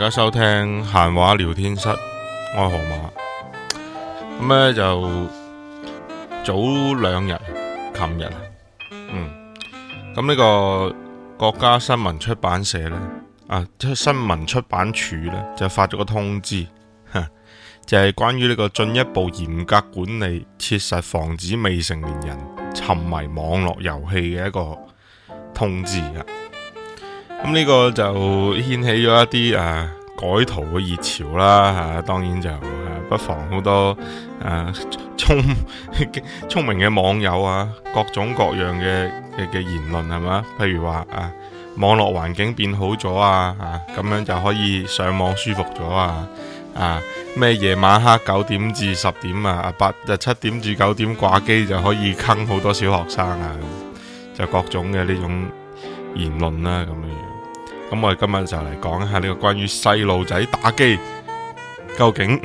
大家收聽閒話聊天室，我係河馬。咁咧就早兩日，琴日，嗯，咁呢個國家新聞出版社呢，啊，即係新聞出版處呢，就發咗個通知，就係關於呢個進一步嚴格管理，切實防止未成年人沉迷網絡遊戲嘅一個通知啊。咁呢個就掀起咗一啲誒。改圖嘅熱潮啦，吓、啊、當然就，啊、不妨好多誒聰聰明嘅網友啊，各種各樣嘅嘅言論係嘛，譬如話啊網絡環境變好咗啊，啊咁樣就可以上網舒服咗啊，啊咩夜晚黑九點至十點啊，八日七點至九點掛機就可以坑好多小學生啊，就各種嘅呢種言論啦咁樣。咁我哋今日就嚟講一下呢個關於細路仔打機究竟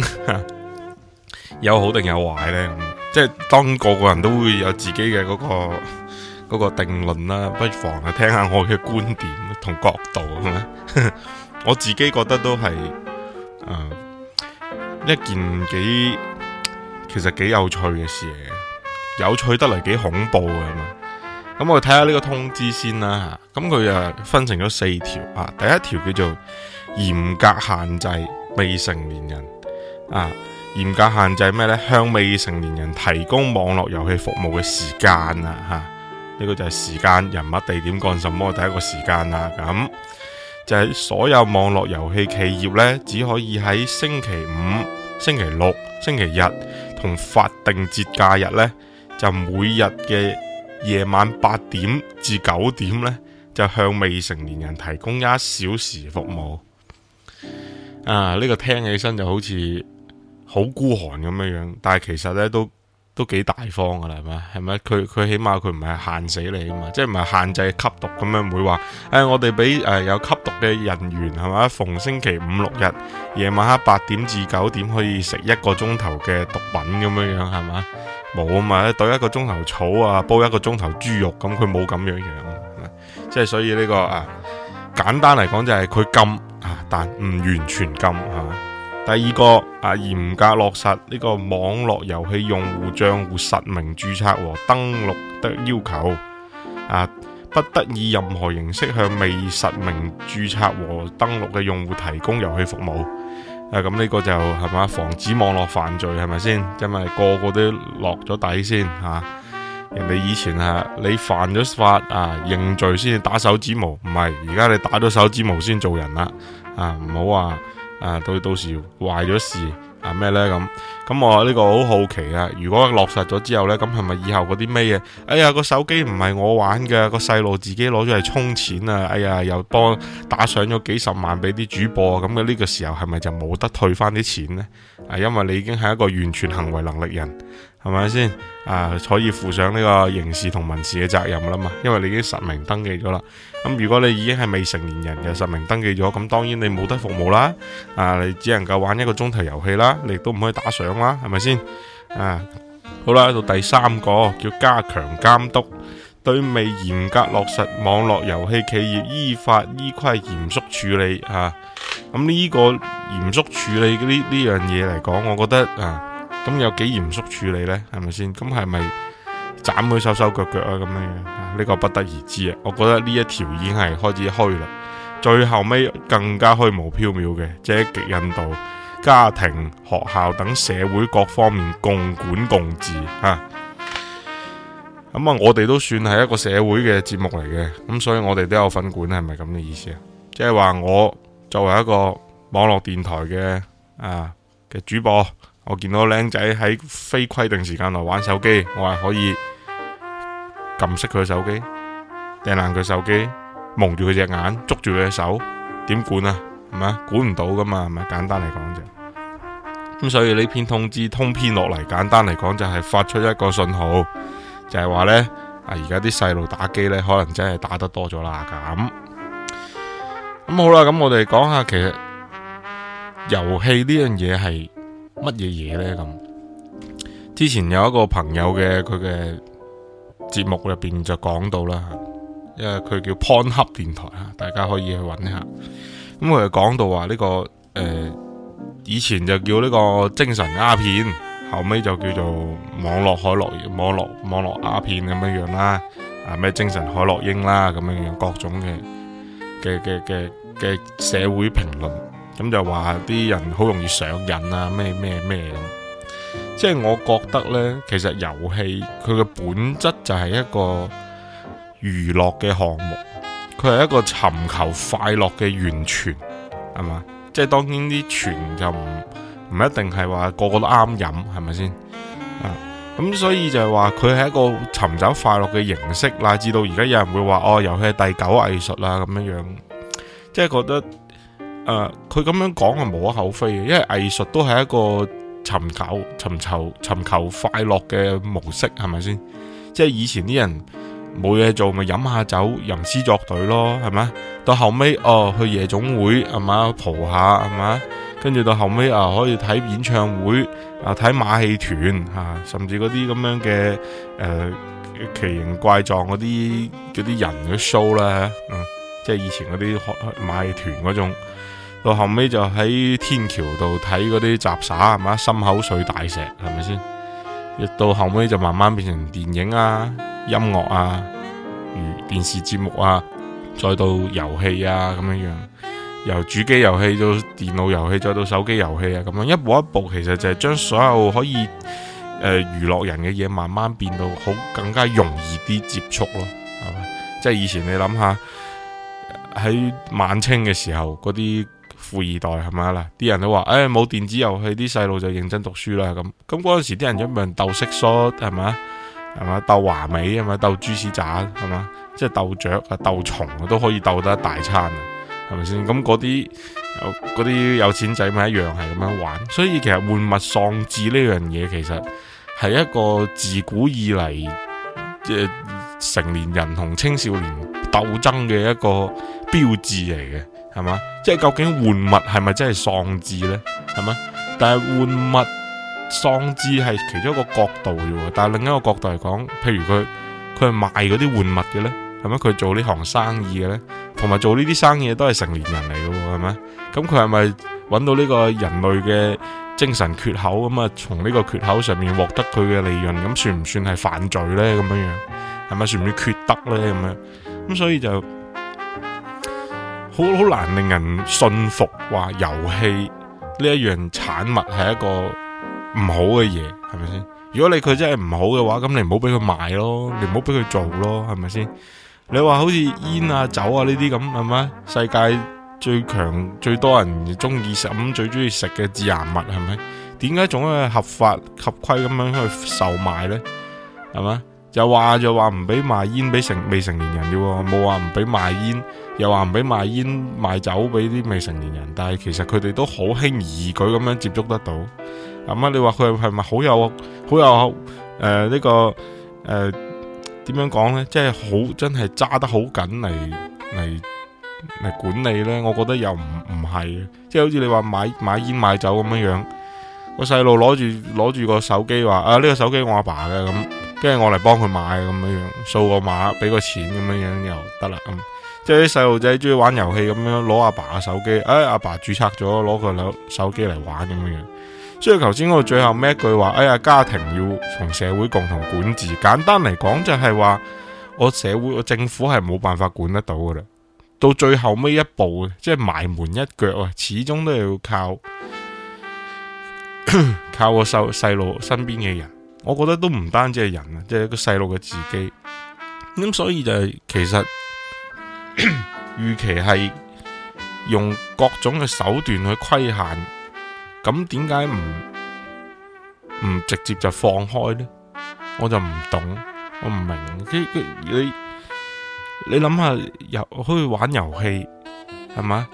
有好定有壞呢？即係當個個人都會有自己嘅嗰個嗰個定論啦，不妨係聽下我嘅觀點同角度。我自己覺得都係、呃、一件幾其實幾有趣嘅事嘅，有趣得嚟幾恐怖啊嘛！咁我睇下呢個通知先啦。咁佢啊分成咗四條啊，第一條叫做嚴格限制未成年人啊，嚴格限制咩呢？向未成年人提供網絡遊戲服務嘅時間啊，吓、這、呢個就係時間、人物、地點、幹什麼？第一個時間啊，咁就係、是、所有網絡遊戲企業呢，只可以喺星期五、星期六、星期日同法定節假日呢，就每日嘅夜晚八點至九點呢，就向未成年人提供一小時服務，啊，呢、這個聽起身就好似好孤寒咁樣樣，但係其實呢都都幾大方噶啦，係咪？係咪？佢佢起碼佢唔係限死你啊嘛，即係唔係限制吸毒咁樣，唔會話誒、哎、我哋俾誒有吸毒嘅人員係咪？逢星期五六日夜晚黑八點至九點可以食一個鐘頭嘅毒品咁樣樣，係嘛？冇啊嘛，懟一個鐘頭草啊，煲一個鐘頭豬肉咁，佢冇咁樣樣。即係所以呢個啊，簡單嚟講就係佢禁啊，但唔完全禁嚇啊。第二個啊，嚴格落實呢個網絡遊戲用戶賬戶實名註冊和登錄的要求啊，不得以任何形式向未實名註冊和登錄嘅用戶提供遊戲服務。誒咁呢個就係嘛，防止網絡犯罪係咪先？因為個個都落咗底先嚇。啊。人哋以前啊，你犯咗法啊，認罪先打手指模，唔係而家你打咗手指模先做人啦，啊唔好話啊到到時壞咗事啊咩呢？咁。咁我呢個好好奇啊，如果落實咗之後呢，咁係咪以後嗰啲咩嘢？哎呀個手機唔係我玩嘅，個細路自己攞咗嚟充錢啊，哎呀又多打賞咗幾十萬俾啲主播，咁嘅呢個時候係咪就冇得退翻啲錢呢？啊，因為你已經係一個完全行為能力人。係咪先？啊，可以負上呢個刑事同民事嘅責任啦嘛，因為你已經實名登記咗啦。咁如果你已經係未成年人嘅實名登記咗，咁當然你冇得服務啦。啊，你只能夠玩一個鐘頭遊戲啦，你亦都唔可以打賞啦，係咪先？啊，好啦，到第三個叫加強監督，對未嚴格落實網絡遊戲企業依法依規嚴肅，嚴肅處理啊。咁呢個嚴肅處理呢，呢樣嘢嚟講，我覺得啊。咁有幾嚴肅處理呢？係咪先，咁係咪斬佢手手腳腳啊？咁樣呢個不得而知啊。我覺得呢一條已經係開始虛啦。最後尾更加虛無縹緲嘅，即係極印度家庭、學校等社會各方面共管共治吓。咁啊，我哋都算係一個社會嘅節目嚟嘅，咁所以我哋都有份管，係咪咁嘅意思啊？即係話我作為一個網絡電台嘅啊嘅主播。我見到靚仔喺非規定時間內玩手機，我係可以撳熄佢手機，掟爛佢手機，蒙住佢隻眼，捉住佢隻手，點管啊？係咪？管唔到噶嘛，係咪？簡單嚟講啫。咁所以呢篇通知通篇落嚟，簡單嚟講就係發出一個信號，就係話呢：「啊而家啲細路打機呢，可能真係打得多咗啦咁。咁好啦，咁我哋講下其實遊戲呢樣嘢係。乜嘢嘢呢？咁，之前有一個朋友嘅佢嘅節目入邊就講到啦，因為佢叫 Pornhub 電台啊，大家可以去揾一下。咁佢又講到話、這、呢個誒、呃，以前就叫呢個精神鴉片，後尾就叫做網絡海洛網絡網絡鴉片咁樣樣啦，啊咩精神海洛英啦咁樣樣，各種嘅嘅嘅嘅嘅社會評論。咁就話啲人好容易上癮啊，咩咩咩咁，即係我覺得呢，其實遊戲佢嘅本質就係一個娛樂嘅項目，佢係一個尋求快樂嘅源泉，係嘛？即係當然啲泉就唔唔一定係話個個都啱飲，係咪先？啊，咁所以就係話佢係一個尋找快樂嘅形式，乃至到而家有人會話哦，遊戲係第九藝術啦，咁樣樣，即係覺得。誒，佢咁樣講係無可厚非嘅，因為藝術都係一個尋求、尋求、尋求快樂嘅模式，係咪先？即係以前啲人冇嘢做，咪飲下酒、吟詩作對咯，係咪？到後尾哦，去夜總會係嘛，蒲下係嘛，跟住到後尾啊，可以睇演唱會啊，睇馬戲團吓，甚至嗰啲咁樣嘅誒、呃、奇形怪狀嗰啲嗰啲人嘅 show 啦，嗯，即係以前嗰啲馬戲團嗰種。到後尾就喺天橋度睇嗰啲雜耍係嘛，心口碎大石係咪先？到後尾就慢慢變成電影啊、音樂啊、電視節目啊，再到遊戲啊咁樣樣，由主機遊戲到電腦遊戲，再到手機遊戲啊咁樣，一步一步其實就係將所有可以誒娛樂人嘅嘢慢慢變到好更加容易啲接觸咯，係嘛？即係以前你諗下喺晚清嘅時候嗰啲。富二代係咪啦？啲人都話，誒、哎，冇電子遊戲，啲細路就認真讀書啦。咁咁嗰陣時鬥，啲人一樣鬥蟋蟀，係咪啊？係咪啊？鬥華美，係咪啊？鬥豬屎渣，係咪啊？即係鬥雀啊，鬥蟲啊，都可以鬥得一大餐，係咪先？咁嗰啲嗰啲有錢仔咪一樣係咁樣玩。所以其實玩物喪志呢樣嘢，其實係一個自古以嚟誒、呃、成年人同青少年鬥爭嘅一個標誌嚟嘅。係嘛？即係究竟玩物係咪真係喪志呢？係咪？但係玩物喪志係其中一個角度啫。但係另一個角度嚟講，譬如佢佢係賣嗰啲玩物嘅呢，係咪？佢做呢行生意嘅呢，同埋做呢啲生意都係成年人嚟嘅，係咪？咁佢係咪搵到呢個人類嘅精神缺口咁啊？從呢個缺口上面獲得佢嘅利潤，咁算唔算係犯罪呢？咁樣樣係咪算唔算缺德呢？咁樣咁所以就。好好難令人信服，話遊戲呢一樣產物係一個唔好嘅嘢，係咪先？如果你佢真係唔好嘅話，咁你唔好俾佢賣咯，你唔好俾佢做咯，係咪先？你話好似煙啊、酒啊呢啲咁，係咪？世界最強最多人中意食，咁最中意食嘅致癌物係咪？點解仲可以合法合規咁樣去售賣呢？係咪？又話就話唔俾賣煙俾成未成年人嘅，冇話唔俾賣煙。又話唔俾賣煙賣酒俾啲未成年人，但係其實佢哋都好輕易舉咁樣接觸得到。咁、嗯、啊，你話佢係咪好有好有誒呢、呃呢個誒點、呃、樣講呢？即係好真係揸得好緊嚟嚟嚟管理呢。我覺得又唔唔係嘅，即係好似你話買買煙買酒咁樣，個細路攞住攞住個手機話啊，呢、呢個手機我阿爸嘅咁，跟、嗯、住我嚟幫佢買咁樣樣，掃個碼俾個錢咁樣樣又得啦咁。嗯即係啲細路仔中意玩遊戲咁樣攞阿爸嘅手機，誒，阿爸註冊咗，攞個手手機嚟玩咁樣。所以頭先我最後咩一句話，哎呀，家庭要同社會共同管治。簡單嚟講就係話，我社會我政府係冇辦法管得到噶啦。到最後尾一步，即係埋門一腳啊，始終都要靠靠個細路身邊嘅人。我覺得都唔單止係人啊，即係個細路嘅自己。咁所以就係其實。預 期係用各種嘅手段去規限，咁點解唔唔直接就放開呢？我就唔懂，我唔明。你你諗下遊可以玩遊戲係嘛？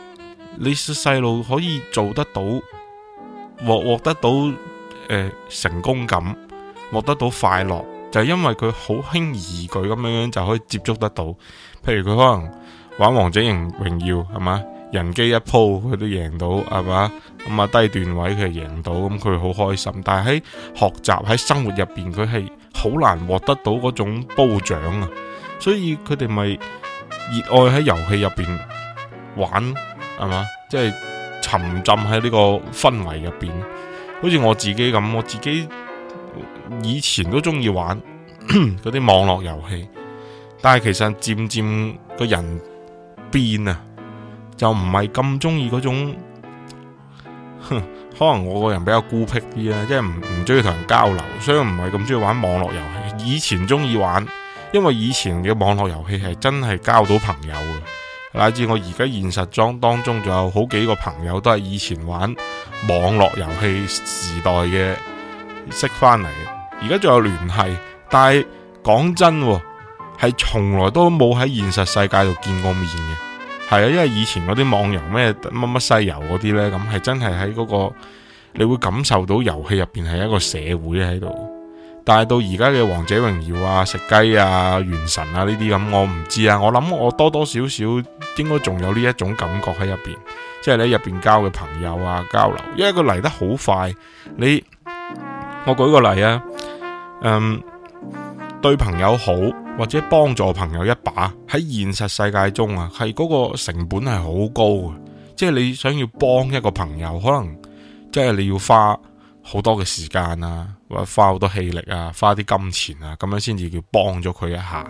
你細路可以做得到，獲獲得到誒、呃、成功感，獲得到快樂。就係、因為佢好輕易舉咁樣樣就可以接觸得到，譬如佢可能玩王者榮榮耀係嘛，人機一鋪佢都贏到係嘛，咁啊、嗯、低段位佢贏到，咁佢好開心。但係喺學習喺生活入邊，佢係好難獲得到嗰種褒獎啊，所以佢哋咪熱愛喺遊戲入邊玩係嘛，即係、就是、沉浸喺呢個氛圍入邊。好似我自己咁，我自己。以前都中意玩嗰啲 網絡遊戲，但係其實漸漸個人變啊，就唔係咁中意嗰種。可能我個人比較孤僻啲啦，即係唔唔中意同人交流，所以唔係咁中意玩網絡遊戲。以前中意玩，因為以前嘅網絡遊戲係真係交到朋友嘅，乃至我而家現實中當中仲有好幾個朋友都係以前玩網絡遊戲時代嘅，識翻嚟，而家仲有聯繫，但係講真，係從來都冇喺現實世界度見過面嘅，係啊，因為以前嗰啲網遊咩乜乜西遊嗰啲呢，咁係真係喺嗰個你會感受到遊戲入邊係一個社會喺度，但係到而家嘅王者榮耀啊、食雞啊、原神啊呢啲咁，我唔知啊，我諗我多多少少應該仲有呢一種感覺喺入邊，即係喺入邊交嘅朋友啊、交流，因為佢嚟得好快，你。我舉個例啊，嗯，對朋友好或者幫助朋友一把，喺現實世界中啊，係嗰個成本係好高嘅，即係你想要幫一個朋友，可能即係你要花好多嘅時間啊，或者花好多氣力啊，花啲金錢啊，咁樣先至叫幫咗佢一下。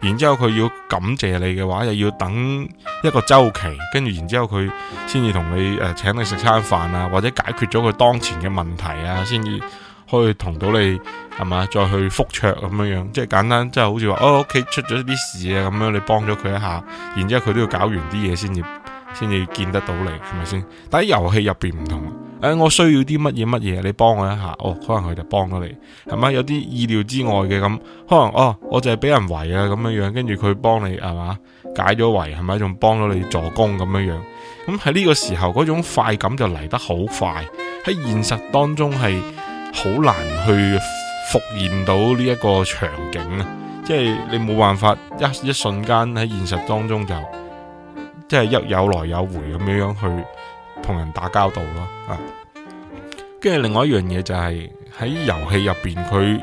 然之後佢要感謝你嘅話，又要等一個周期，跟住然之後佢先至同你誒、呃，請你食餐飯啊，或者解決咗佢當前嘅問題啊，先至。可以同到你係嘛，再去覆桌咁樣樣，即係簡單，即係好似話哦，屋企出咗啲事啊，咁樣你幫咗佢一下，然之後佢都要搞完啲嘢先至先至見得到你係咪先？但喺遊戲入邊唔同誒、啊，我需要啲乜嘢乜嘢，你幫我一下哦，可能佢就幫咗你係咪？有啲意料之外嘅，咁可能哦，我就係俾人圍啊咁樣樣，跟住佢幫你係嘛，解咗圍係咪？仲幫咗你助攻咁樣樣，咁喺呢個時候嗰種快感就嚟得好快，喺現實當中係。好難去復現到呢一個場景啊！即係你冇辦法一一瞬間喺現實當中就即係一有來有回咁樣樣去同人打交道咯啊！跟住另外一樣嘢就係喺遊戲入邊，佢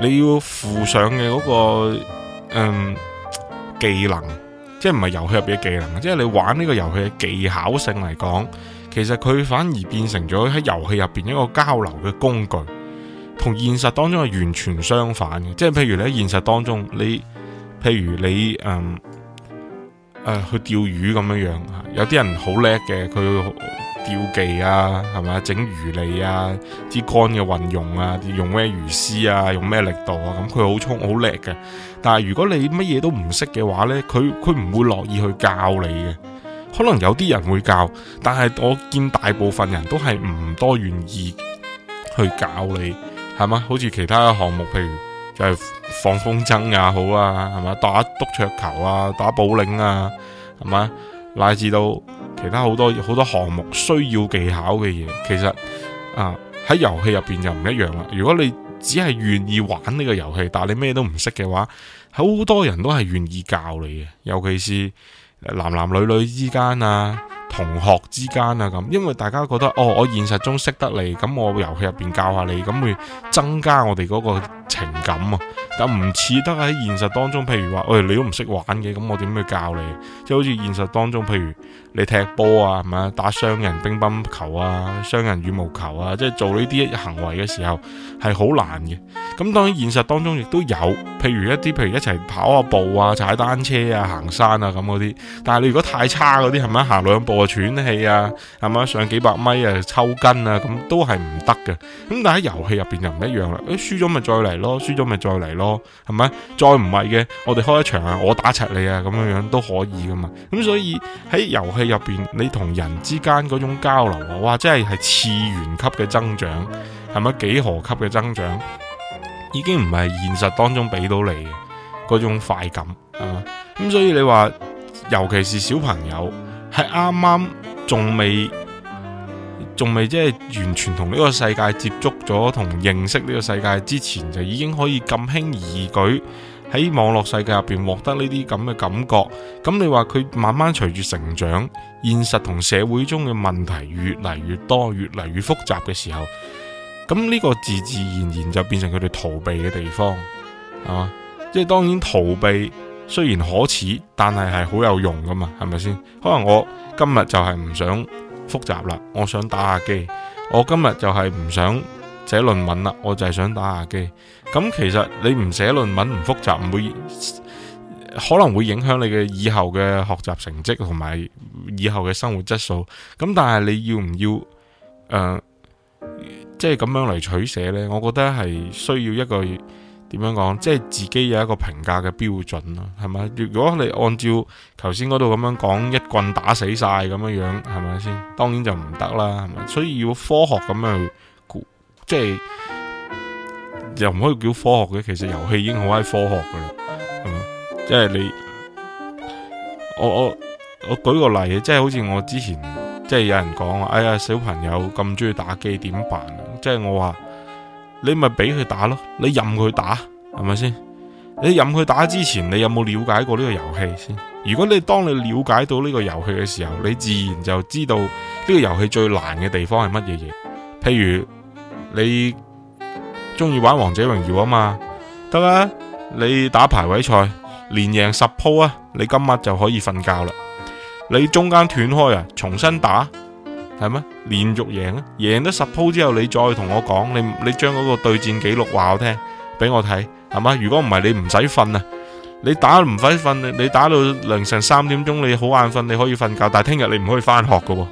你要附上嘅嗰個嗯技能，即係唔係遊戲入邊嘅技能，即係你玩呢個遊戲嘅技巧性嚟講。其實佢反而變成咗喺遊戲入邊一個交流嘅工具，同現實當中係完全相反嘅。即係譬如你喺現實當中你，譬如你誒誒、嗯呃、去釣魚咁樣樣，有啲人好叻嘅，佢釣技啊，係咪？整魚餌啊，啲竿嘅運用啊，用咩魚絲啊，用咩力度啊，咁佢好衝好叻嘅。但係如果你乜嘢都唔識嘅話呢，佢佢唔會樂意去教你嘅。可能有啲人會教，但係我見大部分人都係唔多願意去教你，係嘛？好似其他嘅項目，譬如就係放風箏也好啊，係嘛？打督桌球啊，打保齡啊，係嘛？乃至到其他好多好多項目需要技巧嘅嘢，其實啊喺遊戲入邊又唔一樣啦。如果你只係願意玩呢個遊戲，但係你咩都唔識嘅話，好多人都係願意教你嘅，尤其是。男男女女之間啊！同學之間啊咁，因為大家覺得哦，我現實中識得你，咁我遊戲入邊教下你，咁會增加我哋嗰個情感啊。咁唔似得喺現實當中，譬如話，喂、哎，你都唔識玩嘅，咁我點去教你？即係好似現實當中，譬如你踢波啊，係咪啊，打雙人乒乓球啊，雙人羽毛球啊，即係做呢啲行為嘅時候係好難嘅。咁當然現實當中亦都有，譬如一啲譬如一齊跑下步啊，踩單車啊，行山啊咁嗰啲。但係你如果太差嗰啲，係咪行兩步？喘氣啊，係咪上幾百米啊，抽筋啊，咁都係唔得嘅。咁但係喺遊戲入邊就唔一樣啦。誒、欸，輸咗咪再嚟咯，輸咗咪再嚟咯，係咪？再唔係嘅，我哋開一場啊，我打柒你啊，咁樣樣都可以噶嘛。咁所以喺遊戲入邊，你同人之間嗰種交流，哇，真係係次元級嘅增長，係咪幾何級嘅增長？已經唔係現實當中俾到你嘅嗰種快感，係嘛？咁所以你話，尤其是小朋友。係啱啱仲未仲未即係完全同呢個世界接觸咗，同認識呢個世界之前，就已經可以咁輕易舉喺網絡世界入邊獲得呢啲咁嘅感覺。咁你話佢慢慢隨住成長，現實同社會中嘅問題越嚟越多，越嚟越複雜嘅時候，咁呢個自自然然就變成佢哋逃避嘅地方係嘛？即係當然逃避。雖然可恥，但係係好有用噶嘛，係咪先？可能我今日就係唔想複習啦，我想打下機。我今日就係唔想寫論文啦，我就係想打下機。咁其實你唔寫論文，唔複習，唔會可能會影響你嘅以後嘅學習成績同埋以後嘅生活質素。咁但係你要唔要誒，即係咁樣嚟取捨呢？我覺得係需要一個。點樣講，即係自己有一個評價嘅標準咯，係咪？如果你按照頭先嗰度咁樣講，一棍打死晒咁樣樣，係咪先？當然就唔得啦，係咪？所以要科學咁樣去，即係又唔可以叫科學嘅。其實遊戲已經好閪科學噶啦，係咪？即係你，我我我舉個例，即係好似我之前，即係有人講，哎呀，小朋友咁中意打機，點辦？即係我話。你咪俾佢打咯，你任佢打，係咪先？你任佢打之前，你有冇了解過呢個遊戲先？如果你當你了解到呢個遊戲嘅時候，你自然就知道呢個遊戲最難嘅地方係乜嘢嘢。譬如你中意玩王者榮耀啊嘛，得啊，你打排位賽，連贏十鋪啊，你今晚就可以瞓覺啦。你中間斷開啊，重新打。係咩？連續贏啊！贏得十鋪之後，你再同我講，你你將嗰個對戰記錄話我聽，俾我睇，係嘛？如果唔係，你唔使瞓啊！你打唔使瞓，你打到凌晨三點鐘，你好眼瞓，你可以瞓覺。但係聽日你唔可以返學噶、哦，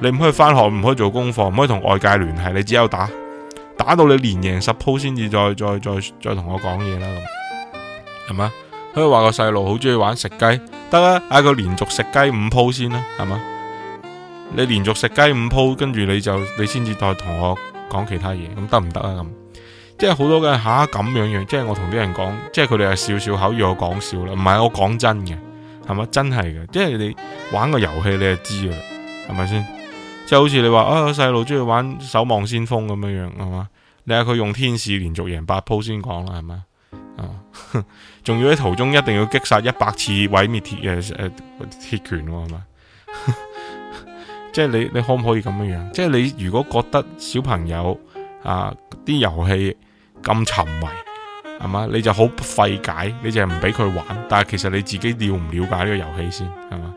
你唔可以返學，唔可以做功課，唔可以同外界聯繫，你只有打，打到你連贏十鋪先至再再再再同我講嘢啦，咁係嘛？佢話個細路好中意玩食雞，得啦，嗌佢、啊、連續食雞五鋪先啦，係嘛？你連續食雞五鋪，跟住你就你先至再同我講其他嘢，咁得唔得啊？咁即係好多嘅吓咁樣樣，即係我同啲人講，即係佢哋係笑笑口語，與我講笑啦。唔係我講真嘅，係咪？真係嘅，即係你玩個遊戲你就知啦，係咪先？即係好似你話啊，細路中意玩守望先鋒咁樣樣，係嘛？你嗌佢用天使連續贏八鋪先講啦，係咪？啊，仲要喺途中一定要擊殺一百次毀滅鐵誒誒鐵拳，係嘛？ 即係你，你可唔可以咁樣樣？即係你如果覺得小朋友啊啲遊戲咁沉迷，係嘛，你就好費解，你就唔俾佢玩。但係其實你自己了唔了解呢個遊戲先係嘛？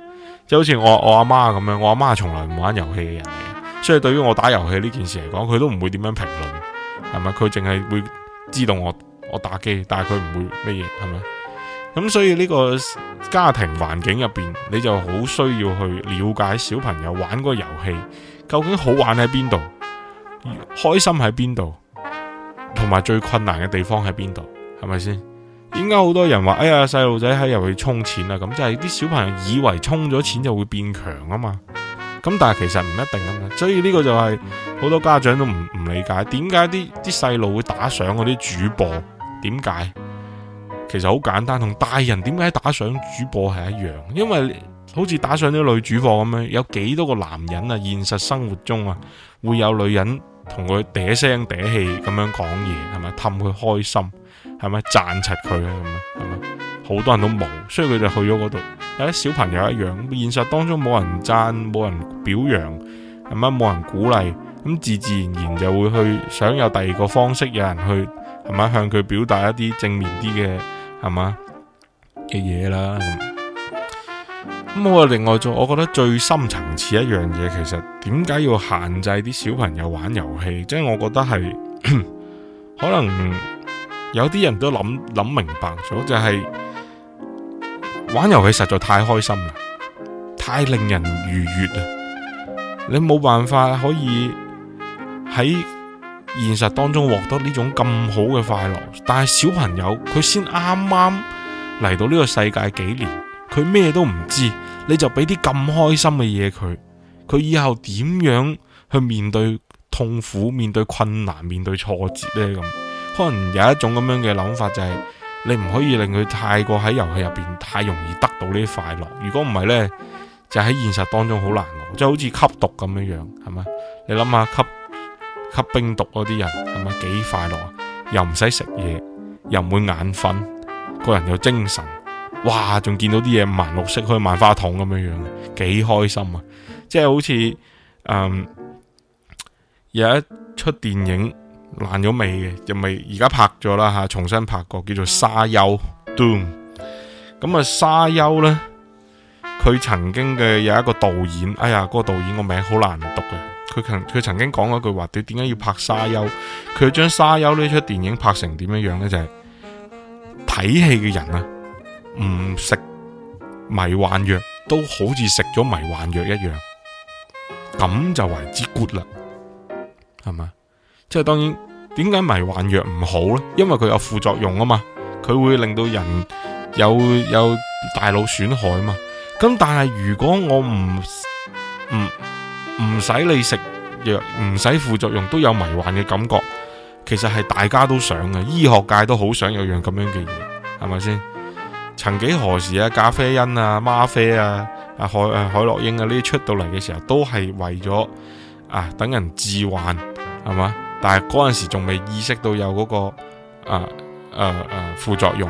即係好似我我阿媽咁樣，我阿媽從來唔玩遊戲嘅人嚟嘅，所以對於我打遊戲呢件事嚟講，佢都唔會點樣評論，係咪佢淨係會知道我我打機，但係佢唔會咩嘢，係咪？咁所以呢個家庭環境入邊，你就好需要去了解小朋友玩個遊戲究竟好玩喺邊度，開心喺邊度，同埋最困難嘅地方喺邊度，係咪先？點解好多人話哎呀，細路仔喺遊戲充錢啊？咁就係啲小朋友以為充咗錢就會變強啊嘛。咁但係其實唔一定啊嘛。所以呢個就係好多家長都唔唔理解，點解啲啲細路會打賞嗰啲主播？點解？其實好簡單，同大人點解打賞主播係一樣，因為好似打賞啲女主播咁樣，有幾多個男人啊？現實生活中啊，會有女人同佢嗲聲嗲氣咁樣講嘢，係咪氹佢開心？係咪讚柒佢啊？係咪？好多人都冇，所以佢就去咗嗰度。有啲小朋友一樣，現實當中冇人讚，冇人表揚，係咪冇人鼓勵？咁自自然然就會去想有第二個方式，有人去係咪向佢表達一啲正面啲嘅？係嘛嘅嘢啦，咁咁我另外做，我覺得最深層次一樣嘢，其實點解要限制啲小朋友玩遊戲？即係我覺得係可能有啲人都諗諗明白咗，就係玩遊戲實在太開心啦，太令人愉悦啦，你冇辦法可以喺。現實當中獲得呢種咁好嘅快樂，但係小朋友佢先啱啱嚟到呢個世界幾年，佢咩都唔知，你就俾啲咁開心嘅嘢佢，佢以後點樣去面對痛苦、面對困難、面對挫折呢？咁可能有一種咁樣嘅諗法就係，你唔可以令佢太過喺遊戲入邊太容易得到呢啲快樂。如果唔係呢，就喺現實當中好難，即係好似吸毒咁樣樣，係咪？你諗下吸。吸冰毒嗰啲人係咪幾快樂啊？又唔使食嘢，又唔會眼瞓，個人有精神，哇！仲見到啲嘢五顏六色，好似萬花筒咁樣樣，幾開心啊！即係好似嗯，有一出電影爛咗尾嘅，又咪而家拍咗啦吓，重新拍過，叫做沙丘 Doom。咁啊，沙丘呢，佢曾經嘅有一個導演，哎呀，嗰個導演個名好難讀啊！佢曾佢曾經講一句話，佢點解要拍沙丘？佢將沙丘呢出電影拍成點樣樣咧？就係睇戲嘅人啊，唔食迷幻藥都好似食咗迷幻藥一樣，咁就為之 good 啦，係嘛？即係當然，點解迷幻藥唔好咧？因為佢有副作用啊嘛，佢會令到人有有大腦損害啊嘛。咁但係如果我唔唔？不唔使你食藥，唔使副作用都有迷幻嘅感覺，其實係大家都想嘅，醫學界都好想有樣咁樣嘅嘢，係咪先？曾幾何時啊，咖啡因啊、嗎啡啊、啊海啊海洛因啊呢啲出到嚟嘅時候，都係為咗啊等人致幻，係嘛？但係嗰陣時仲未意識到有嗰、嗰個啊啊，啊副作用，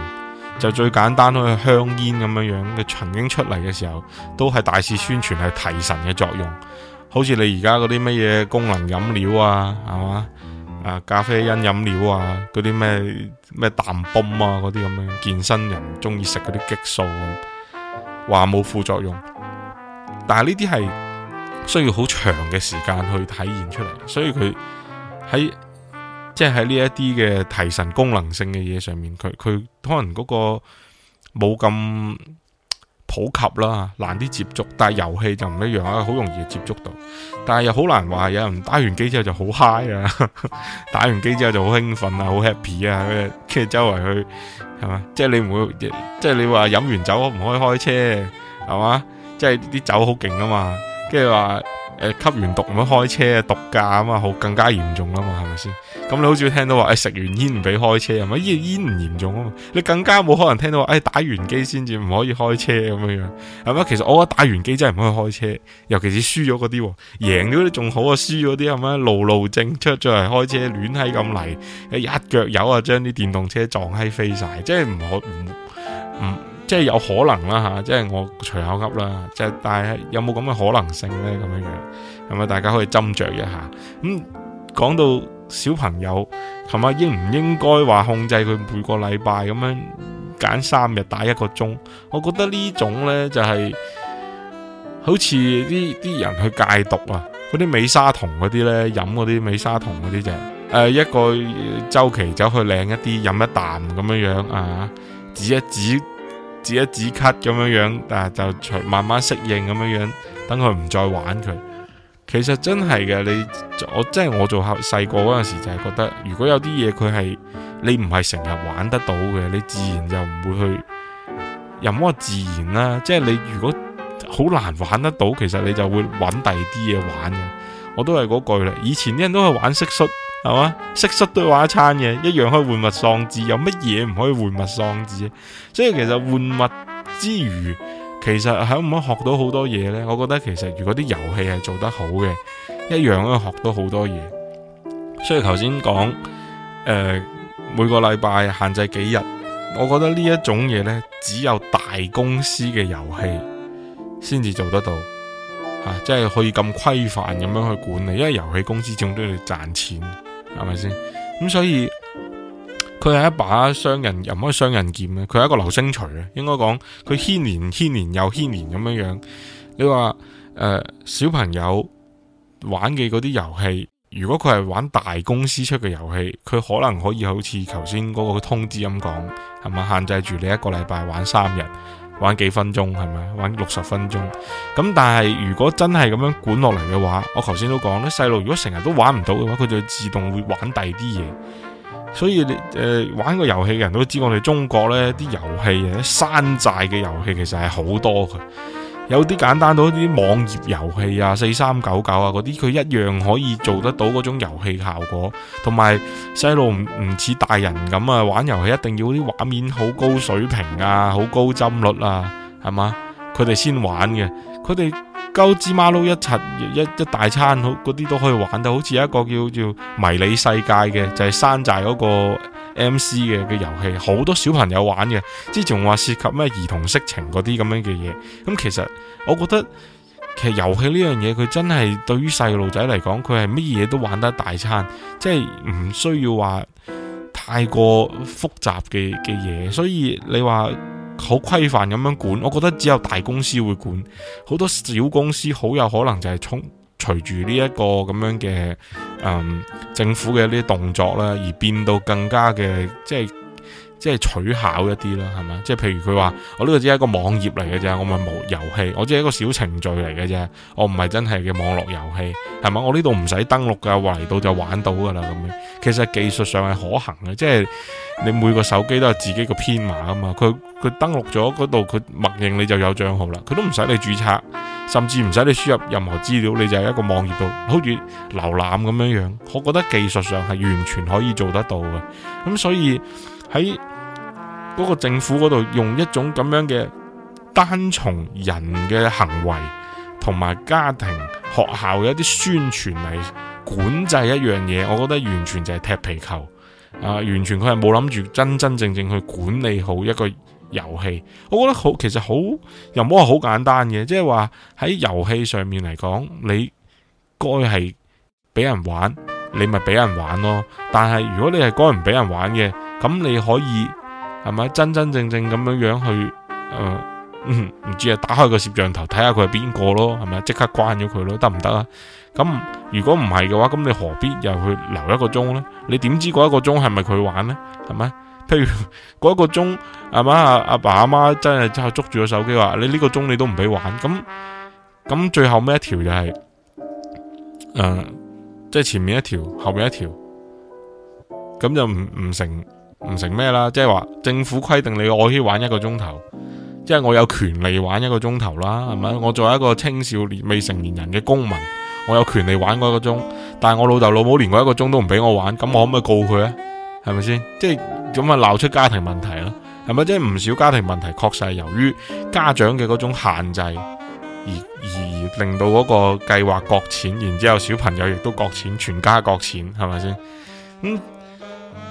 就最簡單好似香煙咁樣樣嘅曾經出嚟嘅時候，都係大肆宣傳係提神嘅作用。好似你而家嗰啲乜嘢功能飲料啊，係嘛？啊，咖啡因飲料啊，嗰啲咩咩蛋白啊，嗰啲咁樣健身人鍾意食嗰啲激素，啊，話冇副作用，但係呢啲係需要好長嘅時間去體現出嚟，所以佢喺，即係喺呢一啲嘅提神功能性嘅嘢上面，佢佢可能嗰個冇咁普及啦，難啲接觸，但係遊戲就唔一樣啊，好容易接觸到，但又好難話有人打完機之後就好嗨呀，啊，打完機之後就好興奮啊，好 happy 啊，跟住周圍去係嘛，即係你唔會，即係你話飲完酒唔可以開車係嘛，即係啲酒好勁啊嘛，跟住話吸完毒唔好開車啊，毒駕啊嘛，好更加嚴重啊嘛，係咪先？咁、嗯、你好少聽到話誒食完煙唔俾開車係咪？呢個煙唔嚴重啊嘛，你更加冇可能聽到話誒、哎、打完機先至唔可以開車咁樣樣係咪？其實我覺得打完機真係唔可以開車，尤其是輸咗嗰啲，贏咗啲仲好啊，輸咗啲係咪路路正出咗嚟開車亂喺咁嚟一腳油啊，將啲電動車撞喺飛晒，即係唔可唔唔即係有可能啦吓，即係我隨口噏啦，即係但係有冇咁嘅可能性咧？咁樣樣大家可以斟酌一下？咁、嗯、講到。小朋友，琴日應唔應該話控制佢每個禮拜咁樣揀三日打一個鐘？我覺得呢種呢，就係、是、好似啲啲人去戒毒啊，嗰啲美沙酮嗰啲呢，飲嗰啲美沙酮嗰啲就誒、是呃，一個週期走去領一啲，飲一啖咁樣樣啊，止一止止一止咳咁樣樣，但、啊、就慢慢適應咁樣樣，等佢唔再玩佢。其實真係嘅，你我即係我做客細個嗰陣時,候時候就係覺得，如果有啲嘢佢係你唔係成日玩得到嘅，你自然就唔會去，又唔好話自然啦、啊，即係你如果好難玩得到，其實你就會揾第二啲嘢玩嘅。我都係嗰句啦，以前啲人都係玩蟋蟀，係嘛，蟋蟀都玩一餐嘅，一樣可以玩物喪志，有乜嘢唔可以玩物喪志啊？所以其實玩物之餘。其實可唔可以學到好多嘢呢？我覺得其實如果啲遊戲係做得好嘅，一樣可以學到好多嘢。所以頭先講，誒、呃、每個禮拜限制幾日，我覺得呢一種嘢呢，只有大公司嘅遊戲先至做得到，即、啊、係、就是、可以咁規範咁樣去管理，因為遊戲公司仲都要賺錢，係咪先？咁所以。佢係一把雙刃，又唔可以雙刃劍咧。佢係一個流星錘。啊，應該講佢牽連、牽連又牽連咁樣樣。你話誒、呃、小朋友玩嘅嗰啲遊戲，如果佢係玩大公司出嘅遊戲，佢可能可以好似頭先嗰個通知咁講，係咪限制住你一個禮拜玩三日，玩幾分鐘係咪？玩六十分鐘。咁但係如果真係咁樣管落嚟嘅話，我頭先都講咧，細路如果成日都玩唔到嘅話，佢就自動會玩第二啲嘢。所以你誒、呃、玩個遊戲嘅人都知，我哋中國呢啲遊戲啊，山寨嘅遊戲其實係好多嘅，有啲簡單到啲網頁遊戲啊、四三九九啊嗰啲，佢一樣可以做得到嗰種遊戲效果，同埋細路唔唔似大人咁啊，玩遊戲一定要啲畫面好高水平啊、好高幀率啊，係嘛？佢哋先玩嘅，佢哋。鳩芝麻碌一餐一一大餐好嗰啲都可以玩到，好似一個叫叫迷你世界嘅，就係山寨嗰個 MC 嘅嘅遊戲，好多小朋友玩嘅。之前話涉及咩兒童色情嗰啲咁樣嘅嘢。咁其實我覺得其實遊戲呢樣嘢佢真係對於細路仔嚟講，佢係乜嘢都玩得大餐，即係唔需要話太過複雜嘅嘅嘢，所以你話。好規範咁樣管，我覺得只有大公司會管，好多小公司好有可能就係衝隨住呢一個咁樣嘅，誒、嗯、政府嘅啲動作啦，而變到更加嘅即係即係取巧一啲啦，係咪？即係譬如佢話我呢個只係一個網頁嚟嘅啫，我唔係模遊戲，我只係一個小程序嚟嘅啫，我唔係真係嘅網絡遊戲，係咪？我呢度唔使登錄噶，嚟到就玩到噶啦咁樣。其實技術上係可行嘅，即係你每個手機都有自己個編碼啊嘛，佢。佢登錄咗嗰度，佢默認你就有賬號啦。佢都唔使你註冊，甚至唔使你輸入任何資料，你就喺一個網頁度好似瀏覽咁樣樣。我覺得技術上係完全可以做得到嘅。咁所以喺嗰個政府嗰度用一種咁樣嘅單從人嘅行為同埋家庭、學校嘅一啲宣傳嚟管制一樣嘢，我覺得完全就係踢皮球啊，呃！完全佢係冇諗住真真正正去管理好一個。遊戲，我覺得好，其實好又冇話好簡單嘅，即係話喺遊戲上面嚟講，你該係俾人玩，你咪俾人玩咯。但係如果你係該唔俾人玩嘅，咁你可以係咪真真正正咁樣樣去誒，唔、呃嗯、知啊，打開個攝像頭睇下佢係邊個咯，係咪即刻關咗佢咯？得唔得啊？咁如果唔係嘅話，咁你何必又去留一個鐘呢？你點知嗰一個鐘係咪佢玩呢？係咪？譬如嗰一個鐘，係嘛？阿阿爸阿媽真係之後捉住咗個手機話，你呢個鐘你都唔俾玩。咁，咁最後尾一條就係誒，即係前面一條後面一條，咁就唔唔成唔成咩啦，即係話政府規定你愛去玩一個鐘頭，即係我有權利玩一個鐘頭啦係嘛，嗯，我作為一個青少年未成年人嘅公民，我有權利玩嗰一個鐘，但係我老豆老母連我一個鐘都唔俾我玩，咁我可唔可以告佢啊？係咪先？即係咁啊，鬧出家庭問題啦，係咪？即係唔少家庭問題，確實係由於家長嘅嗰種限制而，而令到嗰個計劃擱淺，然之後小朋友亦都擱淺，全家擱淺，係咪先？咁，嗯，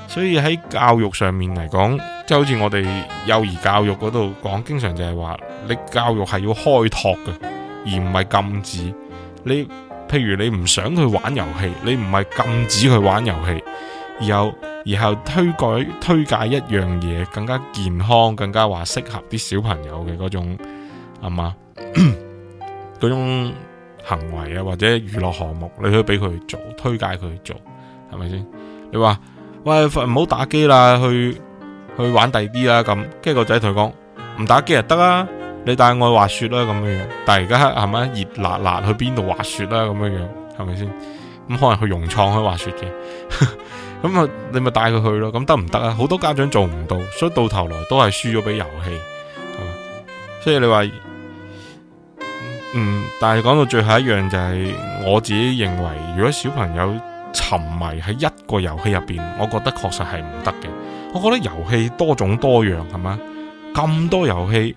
所以喺教育上面嚟講，即係好似我哋幼兒教育嗰度講，經常就係話，你教育係要開拓嘅，而唔係禁止。你譬如你唔想佢玩遊戲，你唔係禁止佢玩遊戲。然後然後推介推介一樣嘢，更加健康，更加話適合啲小朋友嘅嗰種，係咪嗰種行為啊或者娛樂項目，你可以俾佢做，推介佢做，係咪先？你話喂，唔好打機啦，去去玩第啲啦，咁。跟住個仔同佢講唔打機啊得啦，你帶我去滑雪啦咁樣樣。但係而家係咪熱辣辣去邊度滑雪啦、啊、咁樣樣？係咪先，咁可能去融創去滑雪嘅？ 咁啊，你咪帶佢去咯，咁得唔得啊？好多家長做唔到，所以到頭來都係輸咗俾遊戲。所以你話，嗯，但係講到最後一樣就係，我自己認為，如果小朋友沉迷喺一個遊戲入邊，我覺得確實係唔得嘅。我覺得遊戲多種多樣，係嘛，咁多遊戲。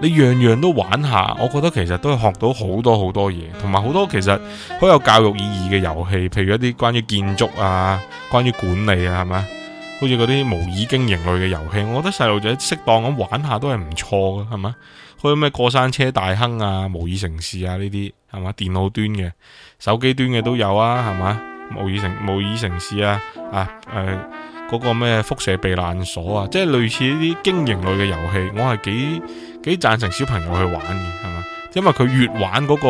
你樣樣都玩下，我覺得其實都係學到好多好多嘢，同埋好多其實好有教育意義嘅遊戲，譬如一啲關於建築啊、關於管理啊，係咪？好似嗰啲模擬經營類嘅遊戲，我覺得細路仔適當咁玩下都係唔錯嘅，係嘛？好似咩過山車大亨啊、模擬城市啊呢啲，係嘛？電腦端嘅、手機端嘅都有啊，係嘛？模擬城、模擬城市啊，啊，嗰、呃嗰個咩輻射避難所啊，即係類似呢啲經營類嘅遊戲，我係幾幾贊成小朋友去玩嘅係咪，因為佢越玩嗰個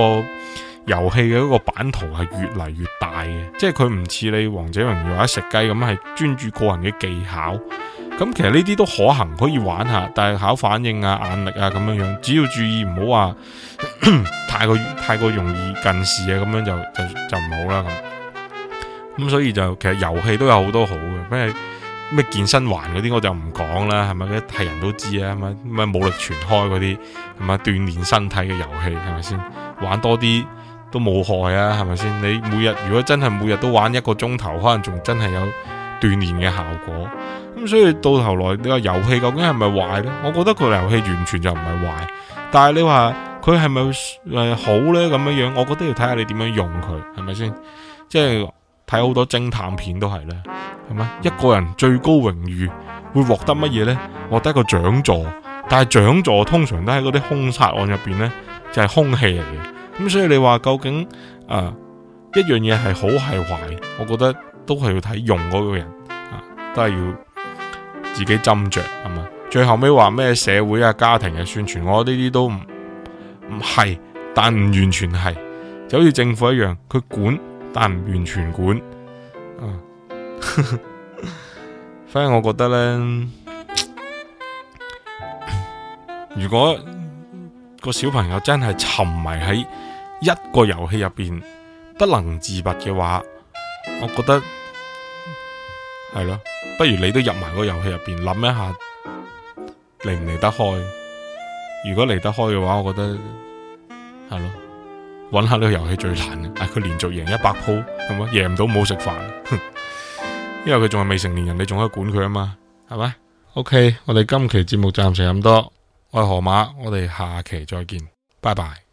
遊戲嘅嗰個版圖係越嚟越大嘅，即係佢唔似你王者榮耀或者食雞咁，係專注個人嘅技巧。咁其實呢啲都可行，可以玩下，但係考反應啊、眼力啊咁樣樣，只要注意唔好話太過太過容易近視啊，咁樣就就就唔好啦咁。咁所以就其實遊戲都有好多好嘅，咩？咩健身環嗰啲我就唔講啦，係咪？啲係人都知啊，係咪？咩武力全開嗰啲，係咪鍛煉身體嘅遊戲？係咪先玩多啲都冇害啊？係咪先？你每日如果真係每日都玩一個鐘頭，可能仲真係有鍛煉嘅效果。咁所以到頭來你話遊戲究竟係咪壞呢？我覺得佢遊戲完全就唔係壞，但係你話佢係咪好呢？咁樣樣？我覺得要睇下你點樣用佢，係咪先？即係。睇好多偵探片都係咧，係咪一個人最高榮譽會獲得乜嘢呢？獲得一個獎座，但係獎座通常都喺嗰啲凶殺案入邊呢，就係、是、空氣嚟嘅。咁所以你話究竟啊、呃、一樣嘢係好係壞，我覺得都係要睇用嗰個人，啊、都係要自己斟酌係嘛。最後尾話咩社會啊家庭嘅、啊、宣傳，我呢啲都唔唔係，但唔完全係就好似政府一樣，佢管，但唔完全管，反正我覺得呢，如果個小朋友真係沉迷喺一個遊戲入邊不能自拔嘅話，我覺得係咯，不如你都入埋個遊戲入邊諗一下，離唔離得開？如果離得開嘅話，我覺得係咯。搵下呢個遊戲最難嘅，佢、啊、連續贏一百鋪，係贏唔到冇食飯，哼，因為佢仲係未成年人，你仲可以管佢啊嘛，係咪？OK，我哋今期節目暫時咁多，我係河馬，我哋下期再見，拜拜。